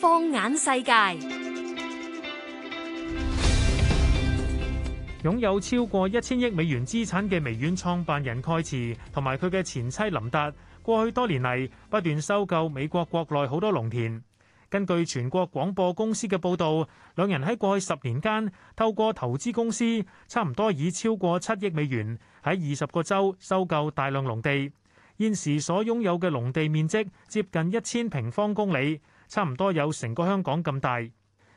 放眼世界，擁有超過一千億美元資產嘅微軟創辦人蓋茨同埋佢嘅前妻琳達，過去多年嚟不斷收購美國國內好多農田。根據全國廣播公司嘅報道，兩人喺過去十年間透過投資公司，差唔多以超過七億美元喺二十個州收購大量農地。現時所擁有嘅農地面積接近一千平方公里，差唔多有成個香港咁大。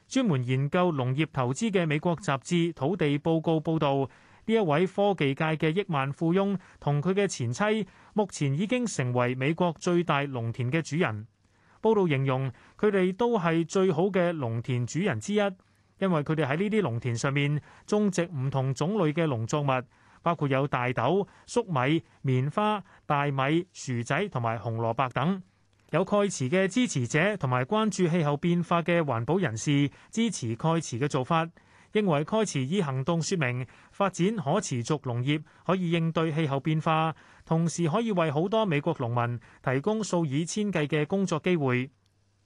專門研究農業投資嘅美國雜誌《土地報告》報導，呢一位科技界嘅億萬富翁同佢嘅前妻，目前已經成為美國最大農田嘅主人。報導形容佢哋都係最好嘅農田主人之一，因為佢哋喺呢啲農田上面種植唔同種類嘅農作物。包括有大豆、粟米、棉花、大米、薯仔同埋紅蘿蔔等。有蓋茨嘅支持者同埋關注氣候變化嘅環保人士支持蓋茨嘅做法，認為蓋茨以行動說明發展可持續農業可以應對氣候變化，同時可以為好多美國農民提供數以千計嘅工作機會，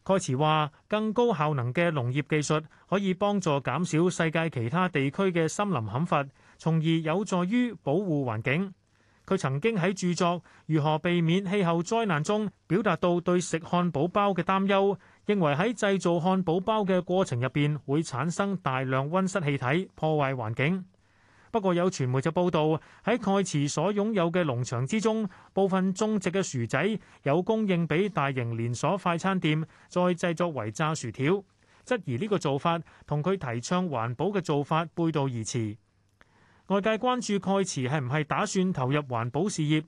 蓋茨話更高效能嘅農業技術可以幫助減少世界其他地區嘅森林砍伐。從而有助於保護環境。佢曾經喺著作《如何避免氣候災難》中表達到對食漢堡包嘅擔憂，認為喺製造漢堡包嘅過程入邊會產生大量温室氣體，破壞環境。不過有傳媒就報道，喺蓋茨所擁有嘅農場之中，部分種植嘅薯仔有供應俾大型連鎖快餐店，再製作為炸薯條，質疑呢個做法同佢提倡環保嘅做法背道而馳。外界關注蓋茨係唔係打算投入環保事業？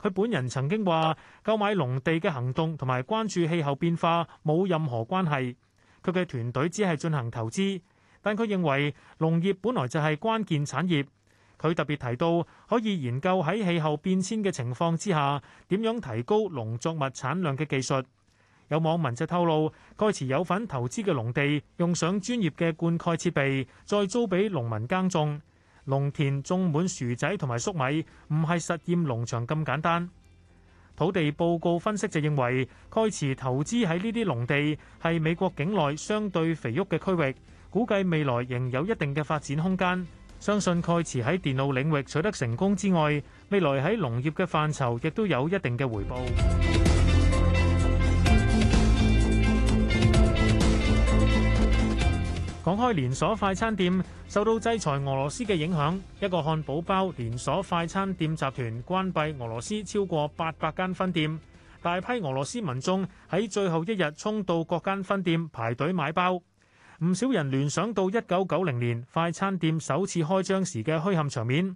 佢本人曾經話：購買農地嘅行動同埋關注氣候變化冇任何關係。佢嘅團隊只係進行投資，但佢認為農業本來就係關鍵產業。佢特別提到可以研究喺氣候變遷嘅情況之下點樣提高農作物產量嘅技術。有網民就透露，蓋茨有份投資嘅農地，用上專業嘅灌溉設備，再租畀農民耕種。農田種滿薯仔同埋粟米，唔係實驗農場咁簡單。土地報告分析就認為，蓋茨投資喺呢啲農地係美國境內相對肥沃嘅區域，估計未來仍有一定嘅發展空間。相信蓋茨喺電腦領域取得成功之外，未來喺農業嘅範疇亦都有一定嘅回報。講開連鎖快餐店受到制裁俄羅斯嘅影響，一個漢堡包連鎖快餐店集團關閉俄羅斯超過八百間分店。大批俄羅斯民眾喺最後一日衝到各間分店排隊買包，唔少人聯想到一九九零年快餐店首次開張時嘅墟冚場面。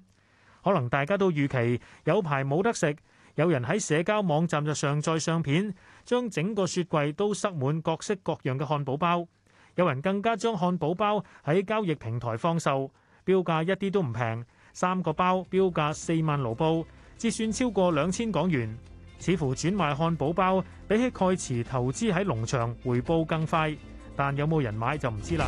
可能大家都預期有排冇得食，有人喺社交網站就上載相片，將整個雪櫃都塞滿各式各樣嘅漢堡包。有人更加將漢堡包喺交易平台放售，標價一啲都唔平，三個包標價四萬盧布，折算超過兩千港元。似乎轉賣漢堡包比起蓋茨投資喺農場回報更快，但有冇人買就唔知啦。